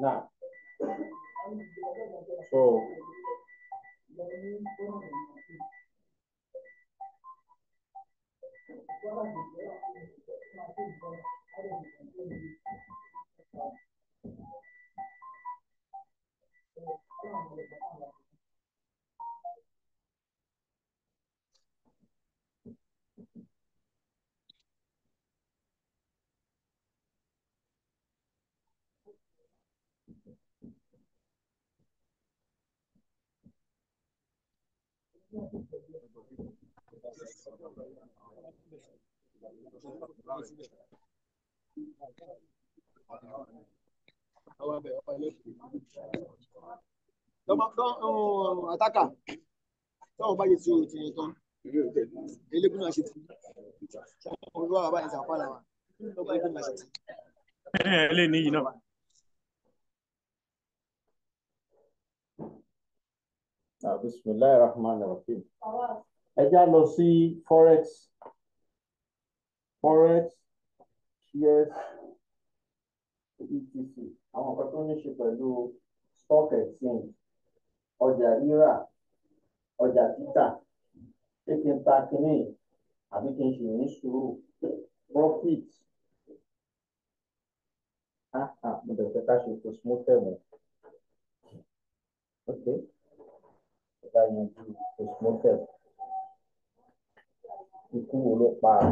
Now, so àtàkà táwọn bá yẹ sí oòrùn tiyan tán eléegun náà ṣe ti ọ̀rọ̀ wà ẹ já lọ sí forex forex shares etc àwọn nǹkan tó ní ṣe pẹ̀lú stock exchange ọjà rírà ọjà títà ṣé kí n ta kínní àbí kí n ṣì ní sùúrù profit ah ah mo dẹ̀ fẹ́ ká ṣe kó smoothie mu ok ọ̀gá yẹn ju kó smoothie ikú wo ló pa á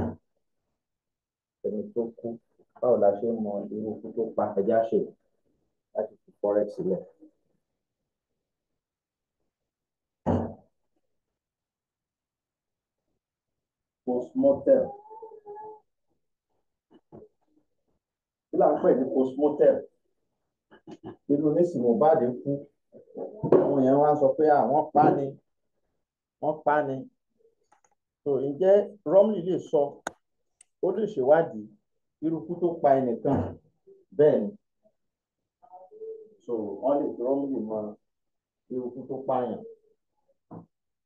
ẹni tó kú báwo la ṣe ń mọ irú ikú tó pa ẹja ṣe láti fi forex sílẹ̀. postmortem kí là ń pè ní postmortem inú nísìnyí Mohbad kú àwọn yẹn wá sọ pé àwọn pa ni wọ́n pa ni so ǹjẹ́ Romney lè sọ ó lè ṣèwádìí irúkú tó pa ẹnìkan bẹ́ẹ̀ ni so wọ́n lè fi rọ́mùlì mọ irúkú tó pààyàn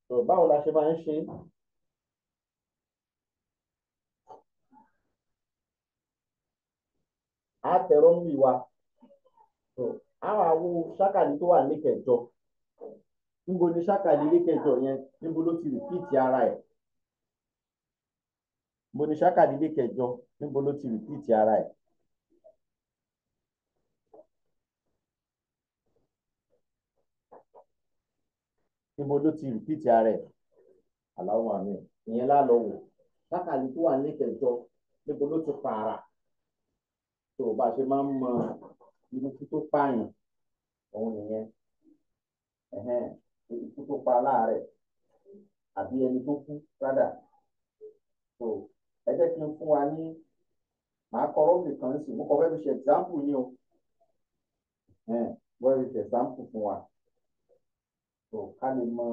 so báwo la ṣe máa ń ṣe á tẹ rọ́mùlì wa so àwọn awo ṣákàlì tó wà ní kẹjọ níbo ni ṣákàlì ní kẹjọ yẹn níbo ló ti rìpíìtì ara ẹ̀ mo ní ṣáká dídé kẹjọ níbo ló ti rìpíìtì ara ẹ̀. níbo ló ti rìpíìtì ara ẹ̀ aláwọ̀ àmì ìyẹn lálọ́ wò ṣáká ní tó wà ní kẹjọ níbo ló ti pààrà tó o bá ṣe máa ń mọ irúkú tó pààyàn òun nìyẹn irúkú tó pa láàárẹ̀ àbí ẹni tó kú rádà ẹ jẹ́ kí n fún wa ní màá kọ rọ́ọ̀bì kan sí mo kọ fẹ́ fi ṣe example yín o wọ́n fi ṣe example fún wa tó ká lè mọ.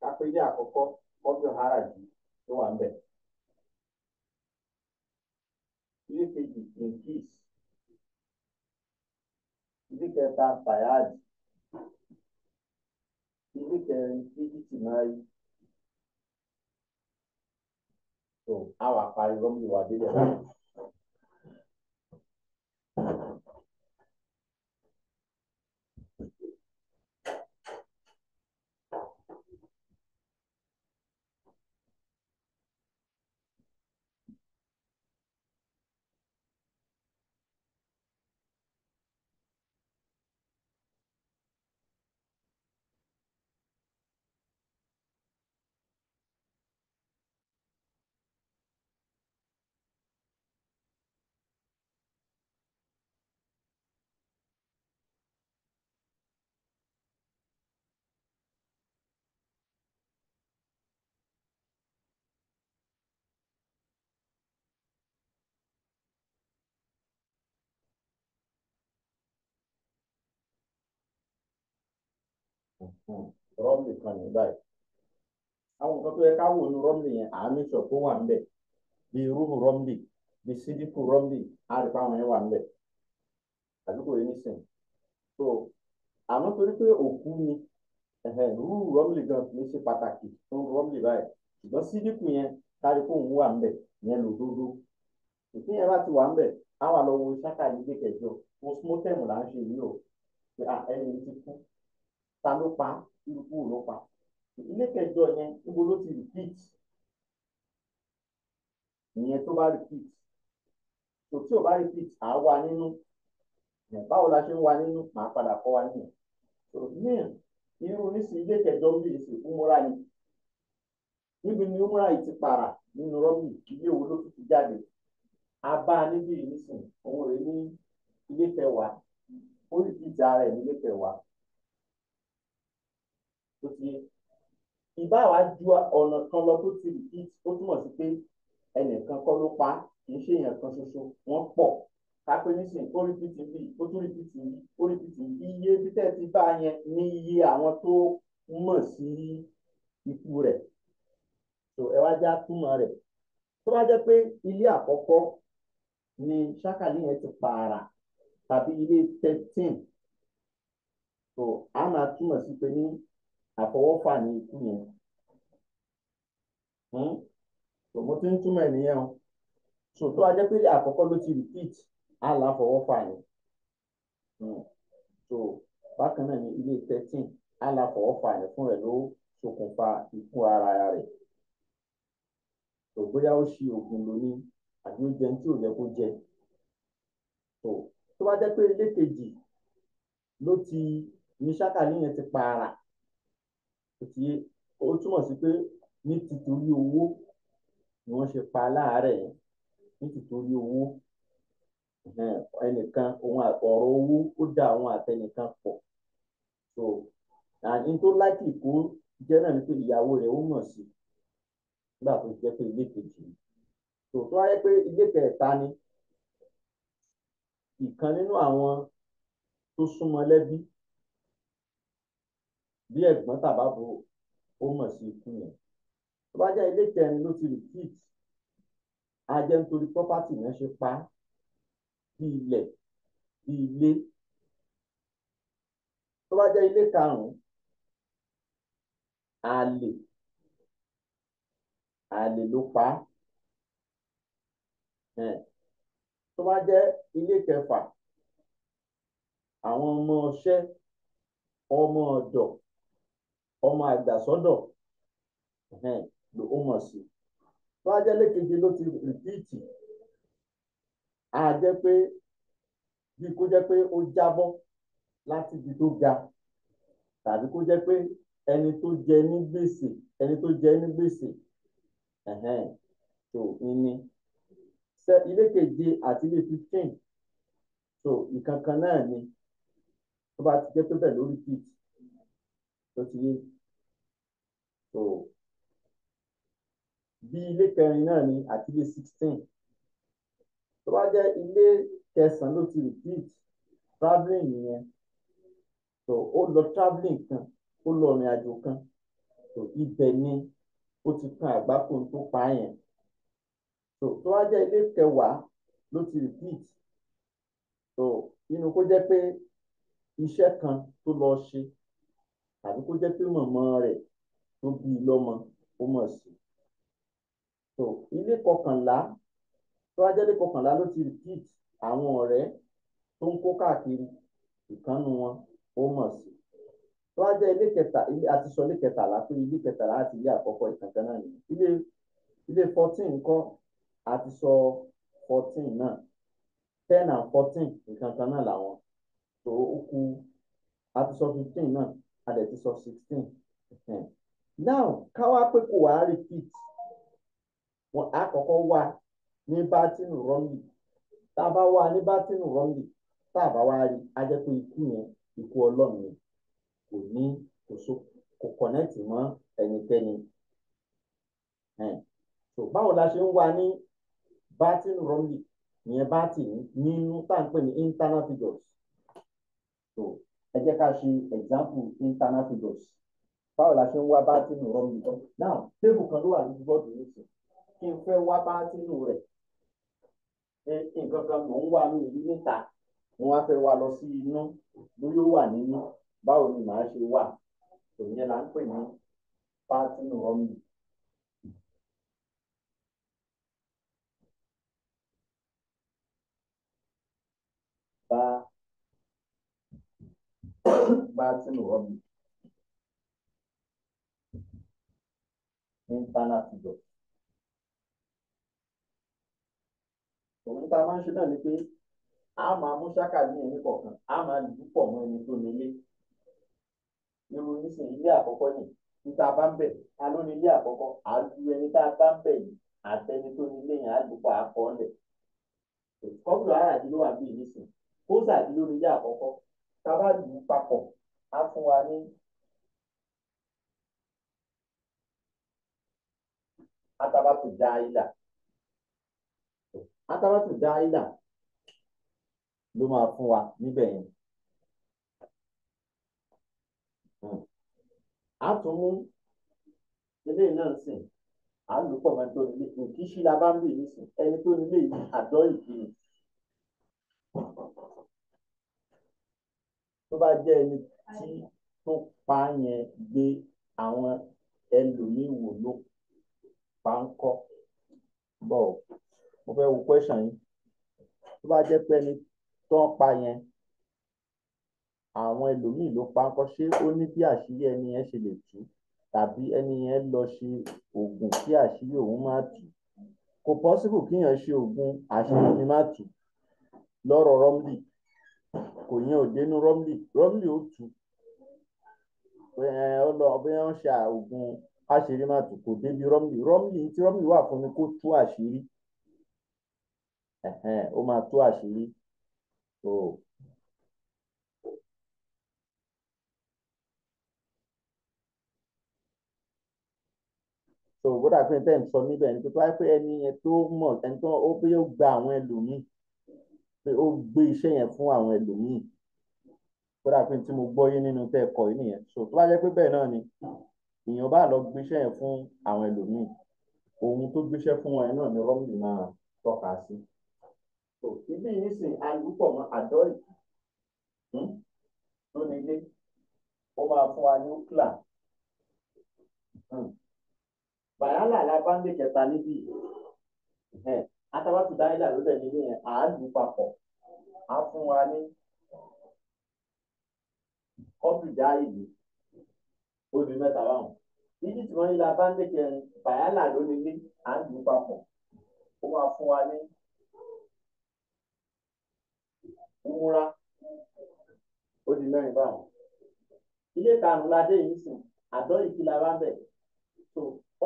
kápẹ́jẹ́ àkọ́kọ́ ọdún haraji tó wà ń bẹ̀. ilé kejì in peace ìdí kẹta fayad ìdí kẹrin dígítì náà yìí tó àwọn àpárí gómìnà wà délẹ̀ báyìí. Hmm. rọ́ọ̀mù kan ní báyìí àwọn nǹkan tó yẹ ká wò ní rọ́ọ̀mù yẹn àmì sọ tó wà níbẹ̀ bíi rúhù rọ́ọ̀mù bíi sídìkù rọ́ọ̀mù àrípa àwọn yẹn wà níbẹ̀ àdúgbò yẹn nìsín so àmọ́ torí pé òkú ni rúhù rọ́ọ̀mù gan kì í ṣe pàtàkì fún rọ́ọ̀mù báyìí ṣùgbọ́n sídìkù yẹn kárí kóun wà níbẹ̀ yẹn lòdòdó ìpín yẹn bá ti wà níbẹ̀ á wà lọ wo ṣáká yìí dé kẹjọ postmortem là ń ṣe yìí o ẹni ti kú ta ló pa irúkú ló pa ilé kẹjọ yẹn níbo ló ti repeat ìyẹn tó bá repeat tó tí ò bá repeat à á wà nínú báwo la ṣe ń wà nínú màá padà kọ́ wa nínú so ní irú nísìnyí ilé kẹjọ ń bì í sí umura ni níbi ni umura yìí ti para nínú rọ́bì ilé wo ló ti jáde a bá a níbí nísìnyí òun rè ní ilé kẹwàá ó sì ti jà rẹ̀ nílé kẹwàá tó ti yé ìbá wa ju ọ̀nà kan lọ tó ti rí ó túmọ̀ sí pé ẹnìkan kọ́ ló pa kì í ṣe èèyàn kan ṣoṣo wọ́n pọ̀ kápẹ́ nísìnyí ó rí pt bí ó tún rí pt yìí ó rí pt yìí iye títẹ̀ ti bá yẹn ní iye àwọn tó mọ̀ sí ikú rẹ̀ tó ẹ wá já túmọ̀ rẹ̀ tó bá jẹ́ pé ilé àkọ́kọ́ ni ṣákàlì yẹn ti pààrà tàbí ilé thirteen tó a máa túmọ̀ sí pé ní àfọwọ́fà ní ikú yẹn tòmó hmm? tí ń túmọ̀ nìyẹn o ṣòtó ajẹ́pẹ́lẹ́ àkọ́kọ́ ló ti repeat àlà àfọwọ́fà ni hmm. so bákan náà ní ilé thirteen àlà àfọwọ́fà ni fún rẹ̀ ló ṣokùnfà ikú ara rẹ̀ tó bóyá ó ṣe oògùn ló ní àbí ó jẹun tí ò yẹ kó jẹ tó tó bá jẹ́ pé ilé kejì ló ti ní ṣákàlì yẹn ti pa ara ti o túmọ̀ sí pé ní títorí owó ni wọ́n ṣe pa láàárẹ̀ yẹn ní títorí owó ẹnìkan ohun ọ̀rọ̀ owó ó dá àwọn àtẹnìkan pọ̀ so àní tó láti kó jẹ́ náà ni pé ìyàwó rẹ̀ ó mọ̀ sí nígbà tó jẹ́ pé ilé kejì ni so tó wáyé pé ilé kẹta ni ìkan nínú àwọn tó súnmọ́ lẹ́bí bí ẹ̀gbọ́n bo ó mọ̀ sí ikú yẹn tó bá jẹ́ ilé kẹrin ló ti repeat ajẹ́ nítorí property yẹn ṣe pa bí ilẹ̀ bí ilé tó bá jẹ́ ilé karùn-ún àlè àlè ló pa á tó bá jẹ́ ilé kẹfà àwọn ọmọ ọṣẹ́ ọmọ ọ̀dọ̀ ọmọ àgbàsọ́dọ̀ ló ó mọ̀ sí tó ajẹ́lé keje ló ti rìpíìtì á jẹ́ pé bí kó jẹ́ pé ó jábọ́ láti ibi tó ga tàbí kó jẹ́ pé ẹni tó jẹ ní gbèsè ẹni tó jẹ ní gbèsè tó ní ilé keje àti ilé fifteen tó ìkankan náà ni tó bá ti jẹ́ pé bẹ́ẹ̀ ló rìpíìtì tó ti yé so bí ilé kẹrin náà ni àti ilé sixteen tó bá jẹ́ ilé kẹsàn ló ti repeat travelling nìyẹn so ó lọ travelling kan ó lọ ìrìn àjò kan so ibẹ̀ ni ó ti kan àgbákò tó pa yẹn so tó wá jẹ́ ilé kẹwàá ló ti repeat so inú kó jẹ́ pé iṣẹ́ kan tó lọ ṣe àbí kó jẹ́ pé mọ̀mọ́ rẹ̀ tó bí i lọ́mọ ó mọ̀ sí. so ilé kọkànlá tó wá jẹ́ ilé kọkànlá ló ti repeat àwọn ọ̀rẹ́ tó ń kó káàkiri ìkànnù wọn ó mọ̀ sí. tó wá jẹ́ ilé kẹta ilé àti sọ ilé kẹtàlá pé ilé kẹtàlá àti ilé àkọ́kọ́ ìkànkan náà nìyí. ilé ilé fourteen kọ́ àti sọ fourteen náà ten and fourteen ìkànkan náà làwọn. tó o kú àti sọ fifteen náà a dẹ̀ ti sọ sixteen now káwá pé kò repeat wọn á kọ́kọ́ wà ní bátínù rọ́mì tá a bá wà ní bátínù rọ́mì tá a bá wá rí a ni kò ní so kò connect mọ́ ẹnikẹ́ni so báwo la ṣe ń wà ní bátínù rọ́mì ìyẹn bátínù nínú tá à ń internal figures so ẹ jẹ́ ká ṣe example internal figures báwo la ṣe ń wá bátínù rọ́ọ̀mù nìkan now tébù kan ló wà ní bọ́ọ̀dù yìí sùn kí n fẹ́ wá bátínù rẹ̀ nǹkan kan mò ń wá ní ìlú níta mo wá fẹ́ wá lọ sí inú bóyá ó wà nínú báwo ni màá ṣe wà òyìn là ń pè ní bátínù rọ́ọ̀mù. Bye. batin hobby. Internal figure. Òun tá a máa ń ṣe ni a ma mú ṣáká a máa dùn pọ̀ mọ́ ẹni nile nílé. Irú ilé àkọ́kọ́ ni níta bá ń bẹ̀, a ló ní ilé àkọ́kọ́, a lu ẹni tó tábà lù ú papọ̀ á fún wa ní atabatu dáìlà atabatu dáìlà ló máa fún wa níbẹ̀ yẹn. Hmm. a tún mú eléyìí náà sìn à ń lò pọ̀ mọ́ tó nílé òkìṣí la bá ń bì nísìn ẹni tó nílé àdó ìkíni tó bá jẹ́ ẹni tí tó pa yẹn gbé àwọn ẹlòmíín wò ló pa ń kọ́ bọ̀ mo fẹ́ wo question yìí tó bá jẹ́ pé ẹni tó ń pa yẹn àwọn ẹlòmíín ló pa ń kọ́ ṣé ó ní bí àṣírí ẹni yẹn ṣe lè tú tàbí ẹni yẹn lọ ṣe oògùn kí àṣírí òun má tú kò possible kíyàn ṣe oògùn àṣírí mi má tú lọ́rọ̀ Romney kò yẹn ò dénú Romney Romney ó tu ó lọ bí wọ́n ṣe àògùn àṣírí máa tù kò débi Romney Romney tí Romney wà fún ni kó tú àṣírí ó máa tú àṣírí o. so bódà pé tẹ́ ń sọ níbẹ̀ ni pé tó wáyé pé ẹni yẹn tó mọ̀ ẹni tó ó bí yóò gba àwọn ẹlòmíì pé ó gbé iṣẹ́ yẹn fún àwọn ẹlòmíì kódà pé tí mo gbọ́ yé nínú tẹ́ ẹ̀kọ́ yìí nìyẹn so tó bá jẹ́ pé bẹ́ẹ̀ náà ni èèyàn bá lọ gbéṣẹ́ yẹn fún àwọn ẹlòmíì ohun tó gbéṣẹ́ fún wọn náà ni rọ́mìnì máa tọ́ka sí. ibi yìí sì àyùpọ̀ mọ́ àdọ́ ìlú hmm? tó nílé ó máa fún wa ní ukla hmm. bàyálà lábáńdé kẹta níbí atabatu dáìlà ló dẹ̀ nílé yẹn à á lù papọ̀ á fún wa ní kọ́pì dáìlì obì mẹ́ta báwọn títí tí wọ́n yí la bá ń lékè ẹni bàyálà ló nílé à ń lù papọ̀ ó máa fún wa ní umura ó di mẹ́rin báwọn ilé karùn-ún la dé yìí sùn àdán ìkìlá wa ń so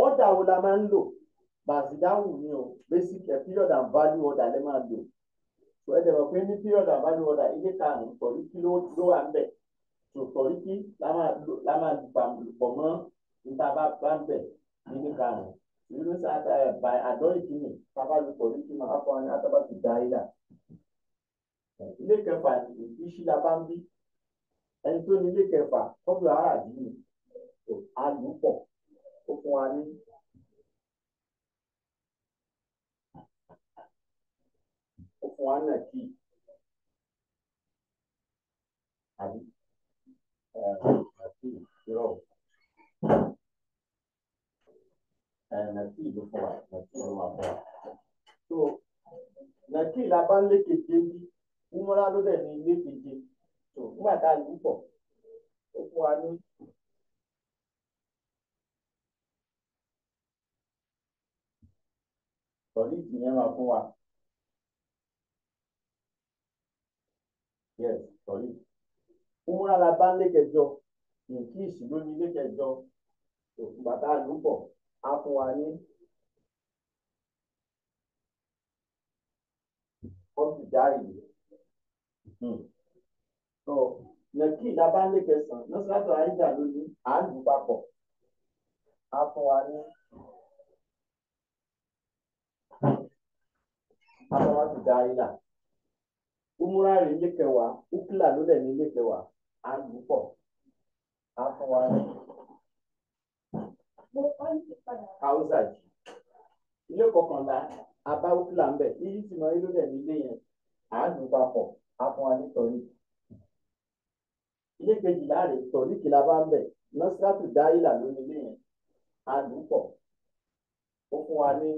ọ̀dà wo la máa ń lò bàṣídáwù ni o basic period and value order lè máa lò tó ẹ dẹ̀rọ pé ní period and value order ilé karùn-ún sọ̀ríkì ló wà ń bẹ̀ tó sọ̀ríkì la máa pọ̀ mọ́ níta bá bá ń bẹ̀ nílé karùn-ún ìlú sáà by àdọ́rìkì ni sábà lu sọ̀ríkì máa fọ́ ní átábàtì dáìlà ilé kẹfà ìṣí la bá ń bí ẹni tó ní ilé kẹfà tọ́jú ara yìí ni àlùpọ̀ ó fún wa ní. fún wa náà kì í àbí àti ìrọ̀ nàkì ló fún wa nàkì ló wà fún wa so nàkì la bá ń lékeje ní umra ló dẹ̀ ní lékeje so nígbà tá a lù pọ̀ ó fún wa ní. sọ̀rí ìdìyẹn máa fún wa. yes sorry umura la bá lé kẹjọ english ló ní lé kẹjọ bàtà àlùbọ á fún wa ní ọsibítàì hmm. so nàkí la bá lé kẹsàn nọsàtọ àyíjà ló ní àlù papọ̀ á fún wa ní. Àwọn ọmọ ti da ayé náà umura rẹ̀ nílé kẹwàá ukla ló dẹ̀ nílé kẹwàá á lù pọ̀ á fún wa rẹ̀. hausa jì ilé kọkànlá abá ukla ń bẹ̀ níyí tí mo rí ló dẹ̀ nílé yẹn á lù papọ̀ á fún wa nítorí. ilé kejìlá rẹ̀ torí kìlá bá ń bẹ̀ nọ́sírátù dáìlà ló nílé yẹn á lù pọ̀ ó fún wa ní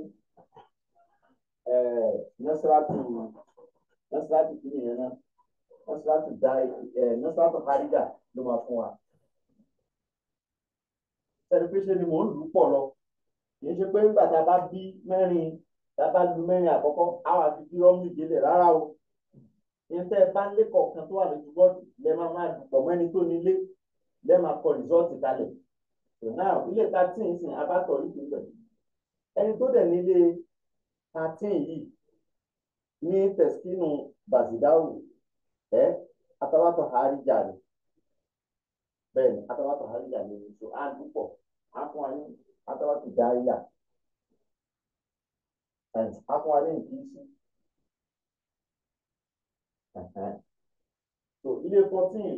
nọ́sírátù nasiratu kìíní yẹn náà nasiratu da ẹ nasiratu eh, harija ló máa fún wa celebration ni mò ń lù pọ̀ lọ kì í ṣe pé nígbà tá a bá bí mẹ́rin tá a bá lu mẹ́rin àkọ́kọ́ àwọn àti bí rọ́ọ̀mù ìdílé rárá o ìfẹ́ bá lé kọ̀ọ̀kan tó wà lójú bọ́ọ̀dù lẹ́ máa máa dùpọ̀ mọ́ tó nílé lẹ́ máa kọ rìsọ́ọ̀tì kalẹ̀ so now ilé thirteen sìn abátọ̀ yìí ti bẹ̀ ẹni tó dẹ̀ nílé thirteen yìí ni taskinin basidawu eh atabatu harija ni bẹ́ẹ̀ ni atabatu harija ni so a a fún wa ní atabatu jariya a fún wa ní so ilé fourteen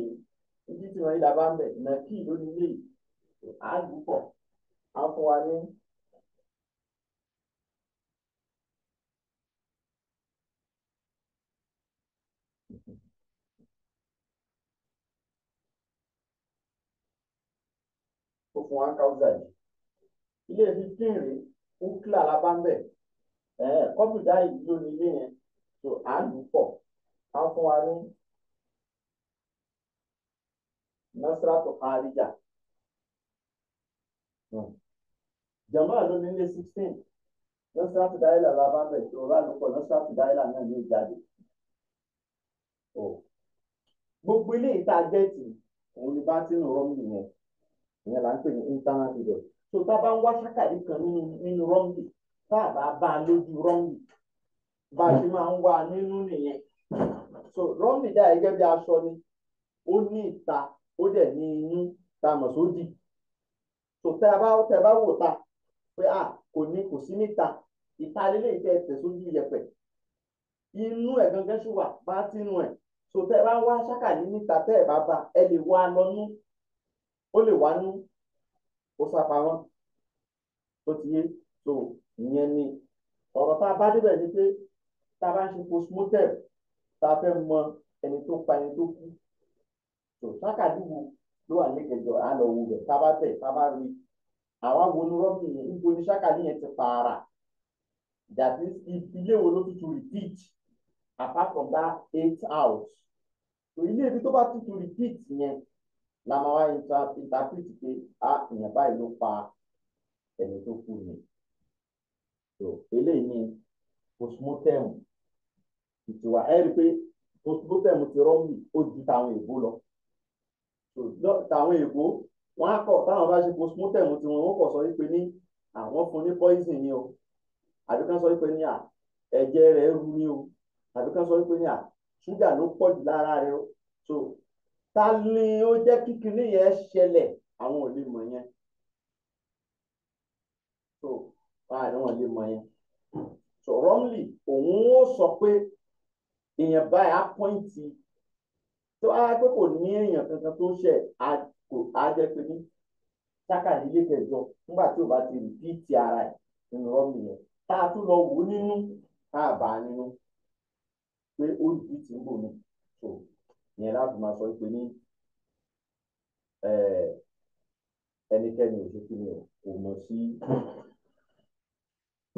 yìí ibi tí wọn fún akáwùsà yìí ilé fifteen rí ukla labambẹ kọfùdá yìí ló ní ilé yẹn tó à ń lù pọ̀ á fún wa ní nasratu kharija hmm. jamaa ló ní ilé sixteen nasratu daila labambẹ tó rà lùpọ̀ nasratu daila náà ní ìjáde oh. gbogbo ilé ìta jẹ́ẹ̀tì òun ni bá ti ń rọ́ mi yẹn ìyẹn là ń pè ní internal period so tá a bá ń wá sákàdé kan nínú nínú rọ́ǹgì tá a bá bá a lójú rọ́ǹgì bá a ṣe máa ń wá a nínú nìyẹn so rọ́ǹgì dá gẹ́gẹ́ bí aṣọ ni ó ní ìta ó dẹ̀ ní inú tá a mọ̀ sódì so tẹ́ a bá tẹ́ a bá wò ta pé a kò ní kò sí níta ìta lélẹ̀ ìtẹ́ ẹsẹ̀ sójú yẹpẹ̀ inú ẹ̀ gangan ṣì wà bá tínú ẹ̀ so tẹ́ ẹ bá wá ṣákà ní níta tẹ́ ẹ bá bá ẹ lè wá lọ́nú ó lè wá ní ó sápamọ́ tó ti yé tó ìyẹn ni ọ̀rọ̀ tá a bá débẹ̀ ni pé tá a bá ń ṣe postmortem tá a fẹ́ mọ ẹni tó pa ẹni tó kú tó sákàdúgbò ló wà ní kẹjọ á lọ wù rẹ̀ tá a bá tẹ̀ tá a bá rí àwa wo ni rọ́bì yẹn níbo ni sákàdú yẹn ti pààrà dàbí ilé wo ló tutù repeat apart from that eight out. so ilé ibi tó bá tutù repeat yẹn la máa wá interpret pé a ah, èèyàn báyìí ló pa ẹni tó kú ni so eléyìí ni postmortem ìtura ẹ rí i pé postmortem ti rọ́ọ̀mù ó ju tàwọn èèbó lọ so tàwọn èèbó wọn á kọ táwọn bá ṣe postmortem tiwọn wọn kọ sọ wípé ní àwọn fún ní poison ni o àbí kan sọ wípé ní à ẹ̀jẹ̀ rẹ̀ rú ni o àbí kan sọ wípé ní à ṣúgà ló pọ̀ jù lára rẹ̀ o so ta ni ó jẹ́ kí kinní yẹn ṣẹlẹ̀ àwọn ò lè mọ̀ yẹn so àwọn ò lè mọ̀ yẹn so wrongly òun ó sọ pé èèyàn báyìí á pọ́ǹtì tó á pé kò ní èèyàn kankan tó ṣẹ̀ á jẹ́ pé ní sáka nílé kẹjọ nígbà tí ò bá ti rìpíìtì ara ẹ̀ nínú wrongly yẹn tá a tún lọ wò ó nínú tá a bá a nínú pé ó rìpíìtì ń bò mí so yẹn láti máa sọ pé ní ẹnikẹ́ni òṣèlú ni kò mọ̀ sí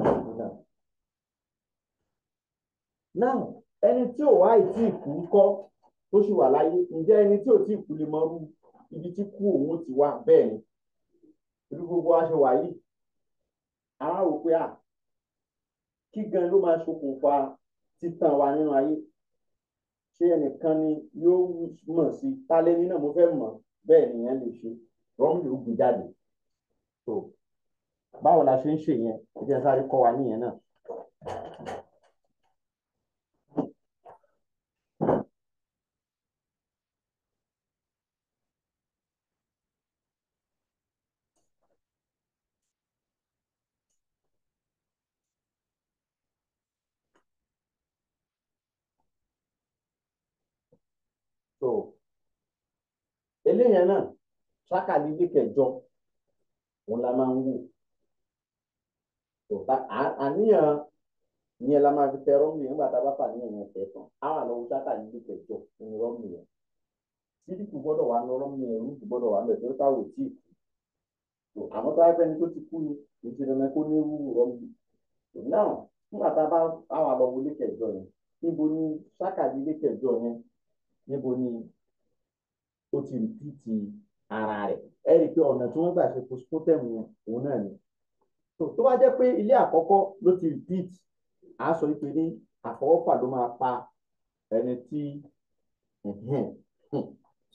ìdúnà. now ẹni tí ò wá ìtí ìkú ń kọ́ tó sì wà láyé ǹjẹ́ ẹni tí ò tí ìkú lè mọrú ibi tí kú òun ti wà bẹ́ẹ̀ ni irú gbogbo aṣọ wà yìí ara pé à kí gan ló máa ṣokùnfà títàn wa nínú ayé ṣé ẹnìkan ni yóò mọ̀ sí tálẹ́ni náà mo fẹ́ mọ̀ bẹ́ẹ̀ nìyẹn lè ṣe rọ́ọ̀mù ló gbé jáde so báwo la ṣe ń ṣe yẹn ẹ jẹ́ wa níyẹn náà so eléyẹn náà tíráka lílé kẹjọ òun la máa ń wò la máa fi tẹ a bá fà níyàn yẹn tán wà lọ́wọ́ tíráka kẹjọ òun rọ́ọ̀mù yẹn sídìkù gbọ́dọ̀ wà ní rọ́ọ̀mù yẹn rúùkù gbọ́dọ̀ wà ní tí ì kú àmọ́ tó tó ti kú ni kó ní náà nígbà tá a ni kẹjọ yẹn níbo ni ó ti rìpíìtì ara rẹ̀ ẹ rí i pé ọ̀nà tí wọ́n gbà ṣe postmortem yẹn òun náà ni tó bá jẹ́ pé ilé àkọ́kọ́ ló ti rìpíìtì à á sọ pé ní àfọwọ́fà ló máa pa ẹni tí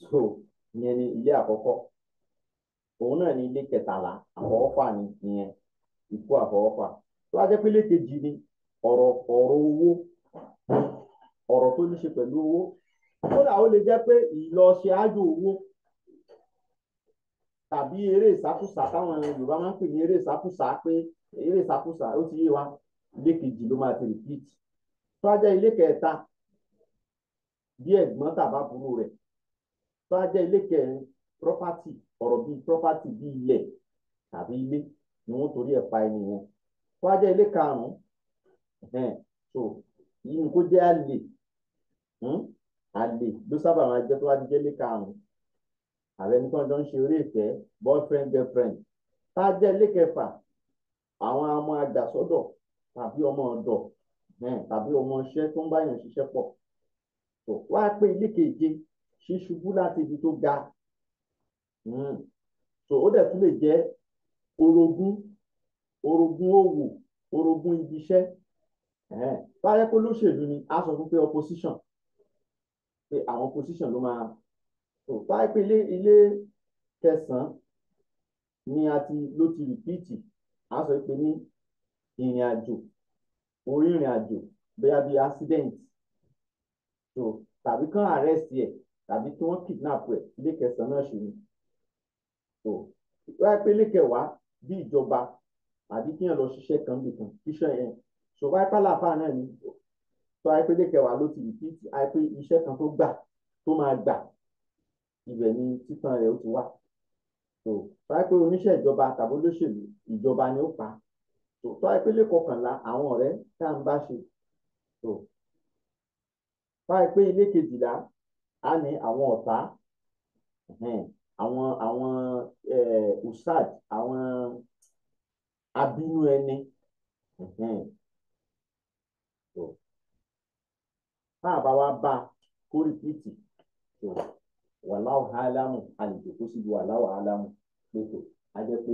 so ìyẹn ni ilé àkọ́kọ́ òun náà ni ilé kẹtàlá àfọwọ́fà ni ìyẹn ikú àfọwọ́fà tó bá jẹ́ pé ilé ni ọ̀rọ̀ ọ̀rọ̀ owó ọ̀rọ̀ tó ní ṣe pẹ̀lú owó kódà ó lè jẹ́ pé ìlọṣẹ ájò owó tàbí eré ìsákúsá táwọn Yorùbá máa ń pè ní eré ìsákúsá pé eré ìsákúsá ó ti yé wa ilé kejì ló máa ti repeat tó á jẹ́ ilé kẹta bí ẹ̀gbọ́n tàbá burú rẹ̀ tó á jẹ́ ilé kẹrin property ọ̀rọ̀ bíi property bíi ilẹ̀ tàbí ẹni tó á jẹ́ ilé so yìí ni kó jẹ́ àlè hmm? àlè ló sábà máa jẹ́ tó wá di jẹ́lé karùn-ún ààrẹ nìkan jọ ń ṣe orí ìfẹ́ boyfriend girlfriend tá a jẹ́ ilé kẹfà àwọn ọmọ àgbàsọ́dọ̀ tàbí ọmọ ọ̀dọ̀ tàbí ọmọ iṣẹ́ tó ń báyàn ṣiṣẹ́ pọ̀ wá pé ilé keje ṣíṣubú láti ibi tó ga hmm. so ó dẹ̀ tún lè jẹ́ orogún orogún òwò orogún ibiṣẹ́ báyẹ̀ pé olóṣèlú ni a sọ fún pé opposition pé àwọn position ló máa tó báyìí pé ilé kẹsàn-án ni a ti ló ti rìpíìtì a sọ pé ní ìrìn àjò orí ìrìn àjò bóyá bíi accident so tàbí kán arrest ẹ tàbí kí wọ́n kidnap ẹ ilé kẹsàn-án náà ṣe ni so báyìí pé ilé kẹwàá bí ìjọba àbí kí èèyàn lọ ṣiṣẹ́ kan bìkan kíṣàn yẹn so báyìí pálá àfáà náà ni tó àìpé lè kẹwàá ló ti rìpíìtì àìpé iṣẹ́ kan tó gbà tó máa gbà ibẹ̀ ni títàn rẹ̀ ó ti wà tó tó àìpé oníṣẹ́ ìjọba tàbí olóṣèlú ìjọba ni ó pa tó tó àìpé lè kọkànlá àwọn ọ̀rẹ́ tá à ń bá ṣe tó tó àìpé ilé kejìlá á ní àwọn ọ̀tá àwọn àwọn usad àwọn abínú ẹni tá a bá wá bá a kó rìpíìtì tó wàláwò álámù àlejò tó sì ju wàláwò álámù lẹ́tọ̀ á jẹ́ pé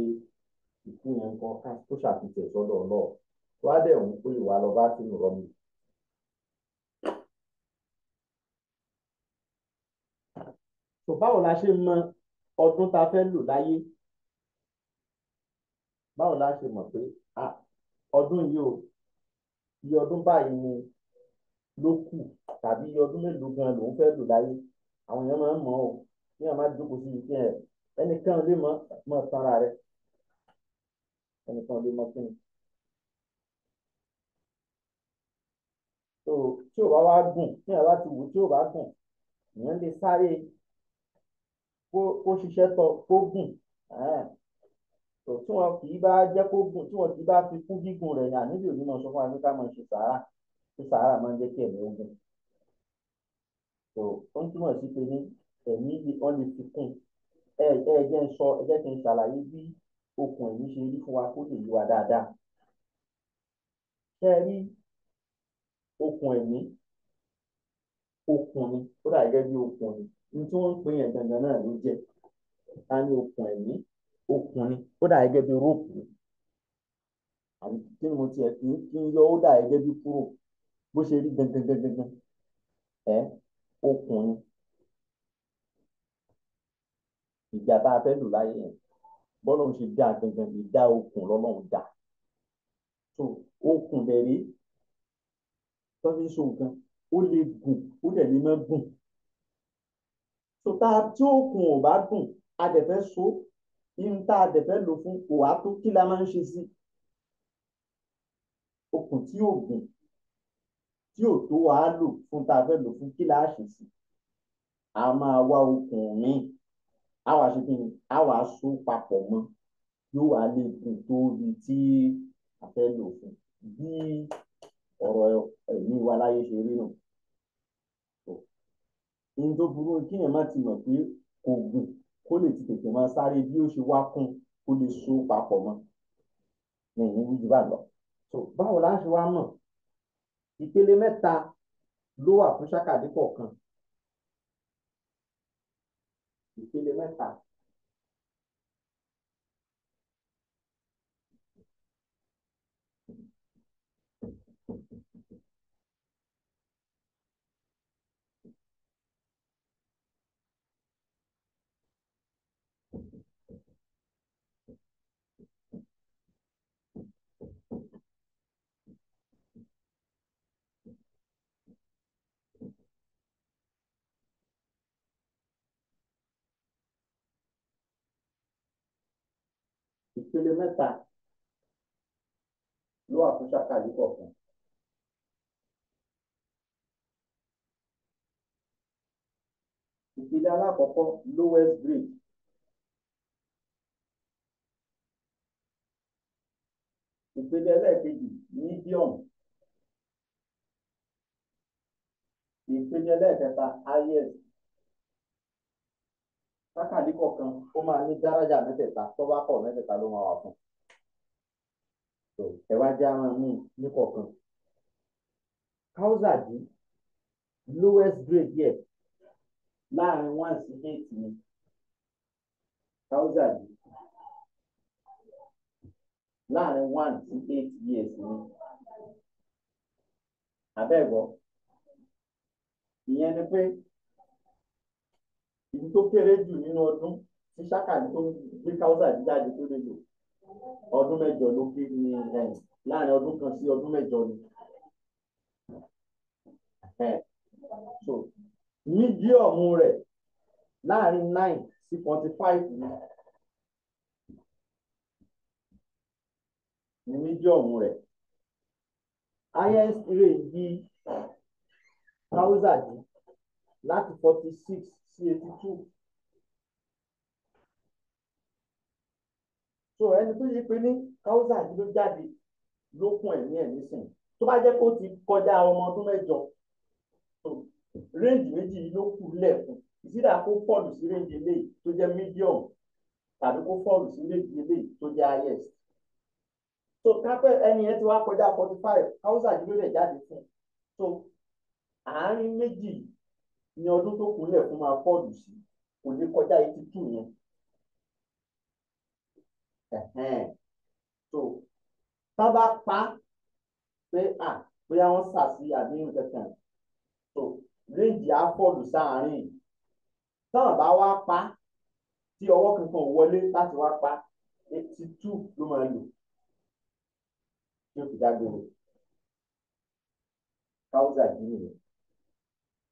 ìkú yẹn ń kọ́ tó ṣàfihàn sọ́dọ̀ náà tó á dẹ̀ ń pè wá lọ bá sínú rọ́mì. tó báwo la ṣe mọ ọdún tá a fẹ́ lò láyé báwo la ṣe mọ̀ pé ọdún yìí o iye ọdún báyìí ni ló kù tàbí iye ọdún mélòó gan lòun fẹ́ lò láyé àwọn èèyàn máa ń mọ̀ ọ́ kí èèyàn má jókòó sí ibi ẹ̀ ẹnìkan lè mọ̀ mọ̀ tanra rẹ̀ ẹnìkan lè mọ̀ kíni. tó tí ò bá wá gùn tí èèyàn bá ti wù tí ò bá gùn èèyàn lè sáré kó ṣiṣẹ́ tọ kó gùn tó tí wọn kì í bá jẹ́ kó gùn tí wọn kì í bá fi kún gígùn rẹ̀ ní àníbi òní máa sọ fún ká máa ṣe sàárà tí sàárà máa ń jẹ́ kí ẹ̀mí ogun tó ó ń túmọ̀ sí pé ní ẹ̀mí wọ́n lè fi kún ẹ ẹ jẹ́ ń sọ ẹ jẹ́ kí n ṣàlàyé bí okùn ẹ̀mí ṣe rí fún wa kó lè yí wa dáadáa ṣé ẹ rí okùn ẹ̀mí okùn ni ó dà gẹ́gẹ́ bí okùn ni ní tí wọ́n ń pè yẹn gangan náà ló jẹ́ a ní okùn ẹ̀mí okùn ni ó dà gẹ́gẹ́ bí rope ni àbí kí ni mo tiẹ̀ kí n yọ ó dà gẹ́gẹ́ bí kúrò bó ṣe rí gangan ẹ okùn ni ìjà tá a fẹ́ lò láyé yẹn bọ́lá ń ṣe dá gangan bíi dá okùn lọ́lọ́run dá so okùn dẹ̀ rí tó so nǹkan ó lè gùn ó dẹ̀ ní mọ́ gùn so tá a tí okùn ò bá gùn a dẹ̀ fẹ́ so ihun tá a dẹ̀ fẹ́ lò fún òwá tó kí la máa ń ṣe sí okùn tí ò gùn tí ò tó wàá lò fún tá a fẹ́ lò fún kí láàṣì sí a máa wá okùn míì a wàá ṣe kí ni a wàá so papọ̀ mọ́ yóò wá lè gùn tó ibi tí a fẹ́ lò fún bí ọ̀rọ̀ ẹ̀mí wa láyé ṣe rí nù. ohun tó burú kíyàn má ti mọ̀ pé kò gùn kó lè ti tètè máa sáré bí ó ṣe wá kún kó lè so papọ̀ mọ́ ní ìwújú bá lọ. báwo la ṣe wá mọ̀? ìpele mẹ́ta ló wà fún ṣàkàdé kọ̀ọ̀kan ìpele mẹ́ta. ìpele mẹ́ta ló wà fún ṣáká yìí kọ̀ọ̀kan. ìpele alákọ̀ọ́kọ́ lowest grade ìpele ẹlẹ́ẹ̀kejì medium ìpele ẹlẹ́ẹ̀kẹta highest. sákàdí kọ̀ọ̀kan ó máa ní dáràjà mẹ́tẹ̀ẹ̀ta tó kọ̀ mẹ́tẹ̀ẹ̀ta ló máa wà fún ẹ wá já máa ni káwùsàdì láàrin one years ni Abegbo ìyẹn ni pé. ibi tó kéré jù nínú ọdún tí ṣáka tó gbé káwọ́sà jáde tó lè lò ọdún mẹ́jọ ló gé ní láàrin ọdún kan sí ọdún mẹ́jọ ni. so mídíọ̀mù rẹ̀ láàrin nine sí twenty five ni ní mídíọ̀mù rẹ̀ highest range yí káwọ́sà yìí láti forty six sí etí túùbù. so ẹni tó yí pé ní káwùsà yìí ló jáde ló kún ẹ̀mí ẹ̀ nísìnyí tó bá jẹ́ pé ó ti kọjá ọmọ ọdún mẹ́jọ réǹjì méjì yìí ló kù lẹ́ẹ̀kún ìsídà kó fọ́ọ̀lù sí réǹjì eléyìí tó jẹ́ medium tàbí kó fọ́ọ̀lù sí réǹjì eléyìí tó jẹ́ highest so kápẹ́ ẹni yẹn ti wá kọjá forty five káwùsà yìí ló so àárín méjì yìí ní ọdún tó kúnlẹ̀ fún máa fọ́ọ̀lù sí kò ní kọjá eighty two yẹn. so tá bá pa pé à bóyá wọ́n sà sí àbí so réèjì á fọ́ọ̀lù sáàárín yìí táwọn bá wá pa tí ọwọ́ kankan wọlé láti wá pa eighty two ló máa lò tí ó fi dágbére káwùsà yìí nìyẹn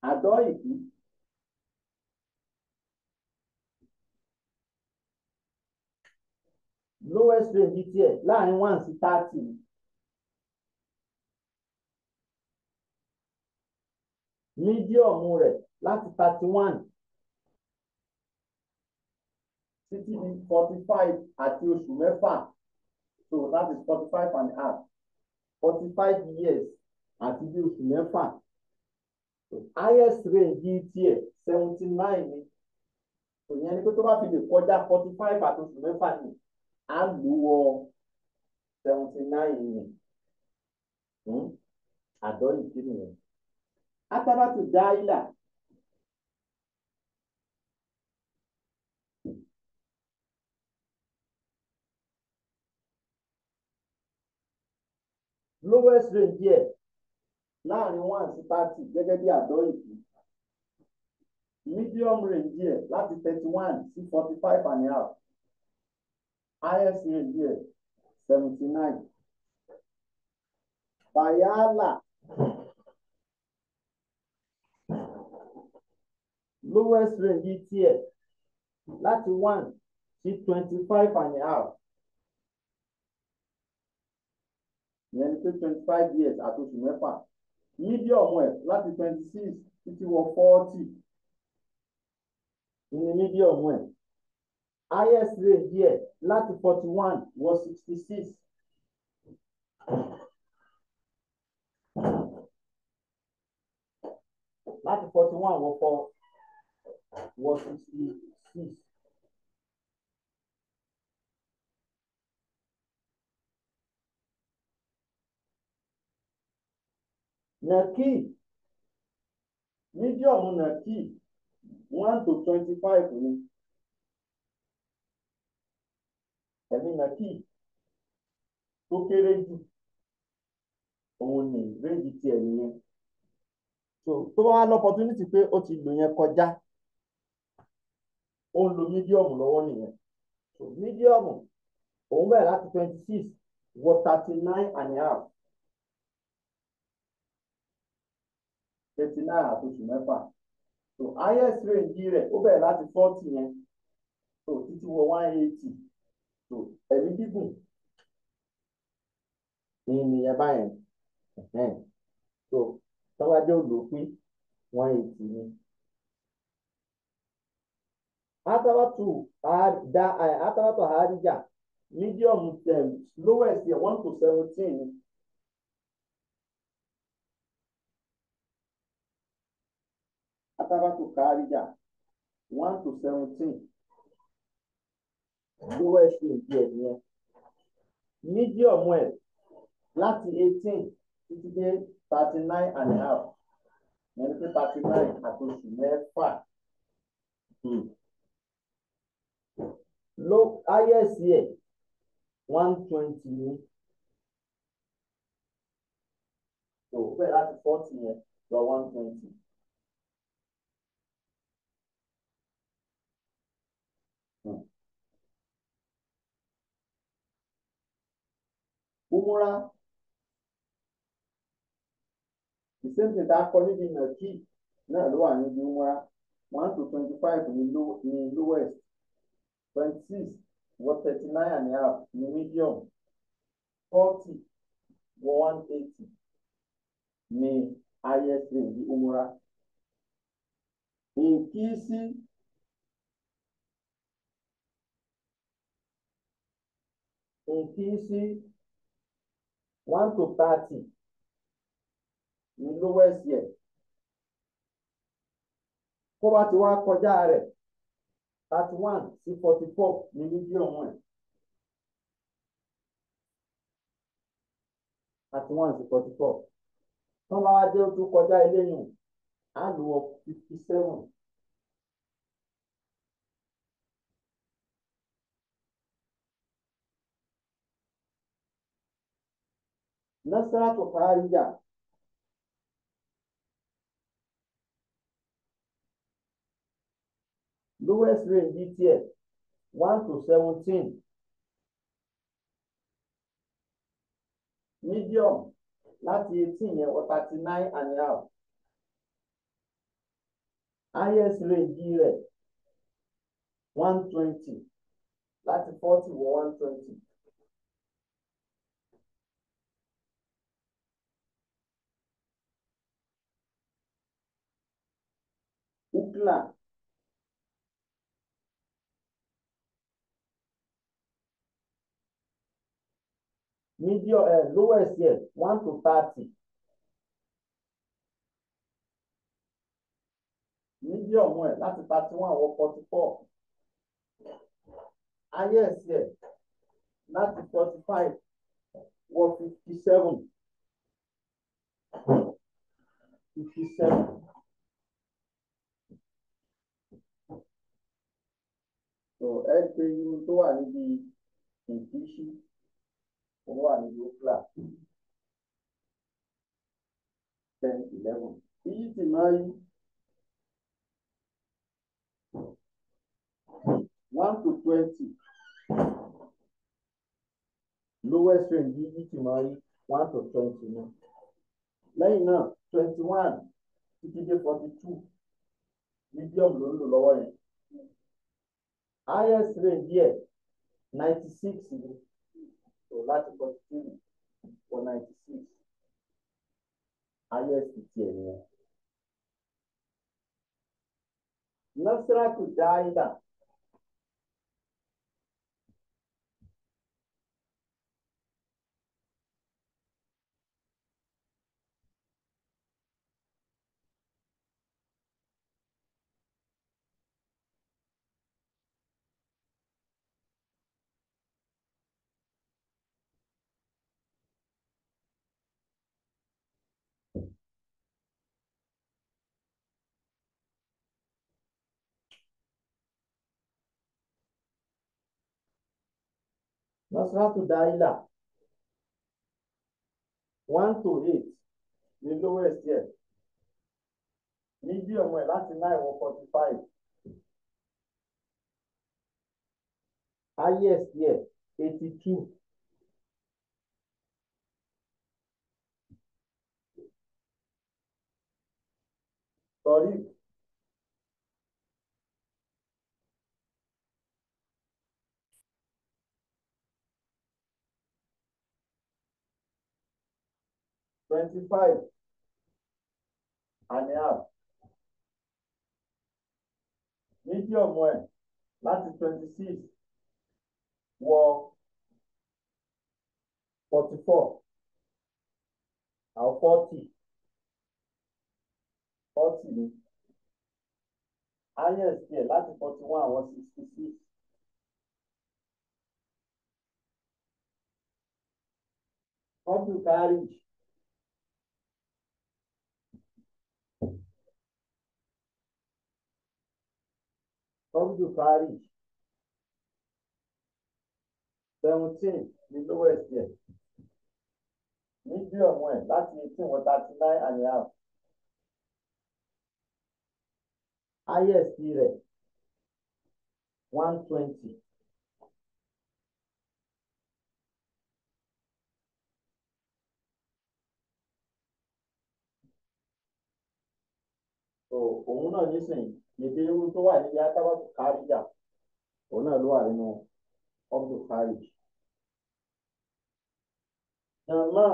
àdọ́ ìdí. lowest range tiẹ̀ láàrin one sí thirty. medium rẹ̀ láti thirty one títí forty five àti oṣù mẹ́fà so that is forty five and a half forty five years àti bí oṣù highest range yìí tiẹ̀ seventy nine ni ìyẹn ni pé tó bá fi lè kọjá forty five àti oṣù mẹ́fà ni á lò wọ seventy nine ni hmm? àdọ́yìn kí nìyẹn. atábàtù dá ilà lowest range yẹ láàrin one sí thirty gẹ́gẹ́ bí àdó ìpín medium range yẹ láti thirty one sí forty five and a half highest range yẹ seventy nine bayala lowest range tiẹ̀ láti one sí twenty five and a half ìyẹn ni pé twenty five years àti oṣù mẹ́fà mídíọ̀mù ẹ̀ láti twenty six títí wọ forty ní mídíọ̀mù ẹ̀ highest rate díẹ̀ láti forty one wọ sixty six. láti forty one wọ four wọ sixty six. nàkì mídíọ̀mù nàkì one to twenty five ni ẹ̀mí nàkì tó kéré jù òun ni réèjì tiẹ̀ nìyẹn so tó bá wá lọ́pọ̀tunítì pé ó ti lò yẹn kọjá ó ń lo mídíọ̀mù lọ́wọ́ nìyẹn so mídíọ̀mù òun bẹ̀rẹ̀ láti twenty six wọ thirty nine and a half. thirty nine àti mẹ́fà so highest range rẹ̀ ó bẹ̀rẹ̀ láti forty yẹn so títí wọ one eighty so ẹ̀mí gígùn ní nìyẹn báyẹn so tọ́wájú pín one eighty ni. Atabatu da Atabatu medium lowest to seventeen Makabatu Kharija one to seventeen lower extreme díẹ̀ nìyẹn medium well láti eighteen títí dé thirty nine and a half ẹni pé thirty nine àti oṣù mẹ́fà hmm. low highest yẹ one twenty ní so bẹ́ẹ̀ láti forty yẹn lọ one twenty. umura the same ìsèǹtì tá a kọ níbi nàkí náà ló wà níbi umura one to twenty five ní lowest twenty six wọ thirty nine and a half ní medium forty wọ one eighty ní highest rate ní umura nkisi nkisi one to thirty the lowest yet. kó bá ti wá kọjá rẹ̀ thirty one sí forty four ní medium ẹ̀ thirty one sí forty four tó bá wá dé ó tún kọjá eléyìí á lò wọ fifty seven. nasaratu fariya lowest range dtf one to seventeen medium láti eighteen yẹn or thirty nine and a half highest range rẹ̀ one twenty láti forty or one twenty. fìlà. medium uh, lowest yet one to thirty. medium ẹ̀ that's thirty one wọ forty four. yes here láti forty five wọ fifty seven. fifty seven. so lpu tó wà níbi ìdíṣí ó wà níbi okla ten eleven èyí tí máa yí one to twenty lowest range yìí tí máa yí one to twenty náà lẹ́yìn náà twenty one títí dé forty two medium ló ń lò lọ́wọ́ yẹn highest range here ninety six so láti forty three for ninety six highest tiẹ̀ nìyẹn. Nasratu Daida. Nasratu Daila one to eight ní lowest yet, medium ẹ̀ láti nine one forty five highest yẹn eighty two. Sorry. twenty-five and a half medium ẹ̀ láti twenty wọ forty àwọn forty forty ni highest ẹ̀ láti forty-one àwọn sixty-six. How kọ́bùdù kárì seventeen ní lowest yẹn medium ẹ̀ láti eighteen wọ thirty nine and a half highest rẹ̀ one twenty. so náà nísìnyí èdè irú tó wà níbi atábàtù kárìjà òun náà ló wà nínú ọ́bù kárìjì. jàmá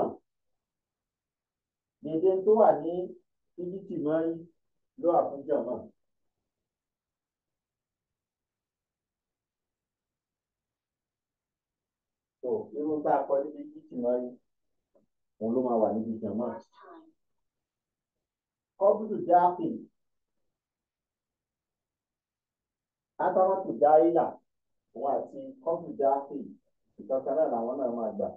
èdè tó wà ní íjíbítì máa ń lọ àfúnjà náà. tó irú tá a kọ níbi íjíbítì máa ń òun ló máa wà níbi jàmá. kọ́bùdù jáàpì. átámátù dá ilà òun àti kọ́mpù dá fì ìtọ́ka náà làwọn náà máa gbà.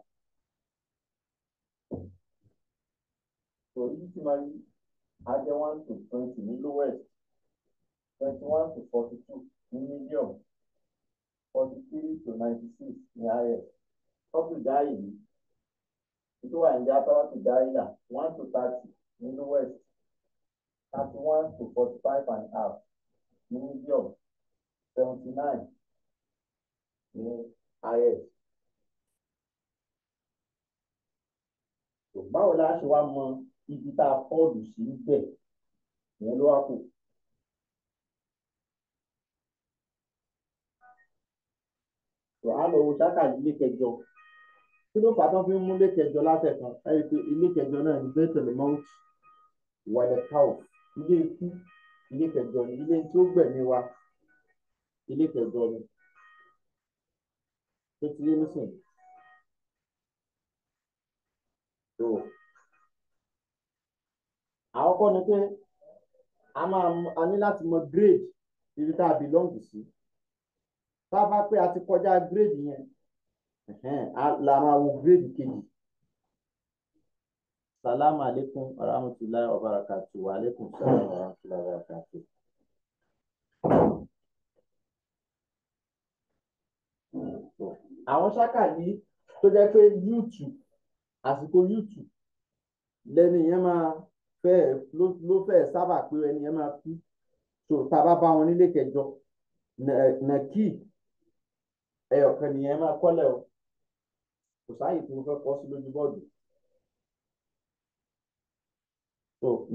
torí tí máa yí one to twenty ní lowest twenty one to forty two ní medium forty three to ninety six ní highest kọ́mpù dá yìí tó wà ní átámátù dá ilà one to thirty ní lowest thirty one to forty five and half ní medium seventy nine ní is. báwo la ṣe wá mọ ibi tá a fọ́ọ̀lù sí bẹ̀ ìyẹn ló wá kù. a lọ wo ṣáká ilé kẹjọ kí ló fà á tán fi ń mú ilé kẹjọ látẹ̀kan ẹ rí i pé ilé kẹjọ náà ní bẹ́tẹ̀lẹ̀ mount wàlẹ̀ káwọ̀ ilé ikú ilé kẹjọ ilé tí ó gbẹ̀mí wa ilé kẹjọ ni tó ti yé nísìn tó àkọ́kọ́ ni pé a máa a ní láti mọ grade ibi tá a belong sí tá a bá pé a ti kọjá grade yẹn la máa wo grade kejì salamu aleykum wa rahmatulahi wa barakatu wa aleykum salaam wa rahmatulahi wa barakatu. àwọn ṣáká yìí tó jẹ́ pé yúùtù àsìkò yúùtù lẹ́ni yẹn máa fẹ́ ló fẹ́ sábà pé ẹni yẹn máa kú tó tá a bá bá wọn nílé kẹjọ nàkì ẹyọkan nìyẹn máa kọ́lẹ̀ o kò sáàyè tí fẹ́ kọ́ sí lójú bọ́ọ̀dù.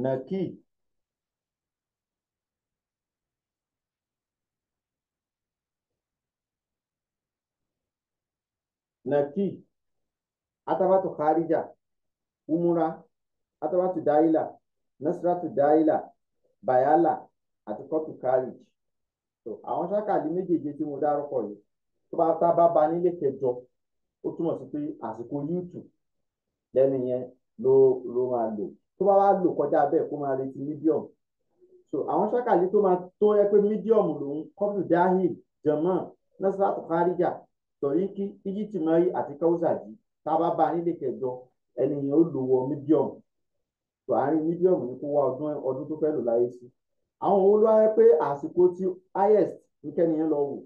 nàkì. So, naki atabatu kharija umura atabatu daila nasratu daila bayala àti kọtù carriage so àwọn sákàlì méjèèjì tí mo dárúkọ yìí tó bá tá bá ba nílé kẹjọ ó túmọ̀ sí pé àsìkò yúùtù lẹ́nu yẹn ló ló máa lò tó bá wá lò kọjá bẹ́ẹ̀ kó máa retí medium so àwọn sákàlì tó máa tó yẹ pé medium lòun kọtù dahil jẹmọ nasratu kharija tọ̀ríkì íjíìtì mẹ́rin àti káwùsàdì tá a bá bá a nílé kẹjọ ẹni yẹn ó lò wọ mídíọ̀mù tó àárín mídíọ̀mù ni kó wá ọdún ọdún tó fẹ́ lò láyé sí àwọn owó ló wáyé pé àsìkò tí highest ní kẹ́niyẹn lọ wò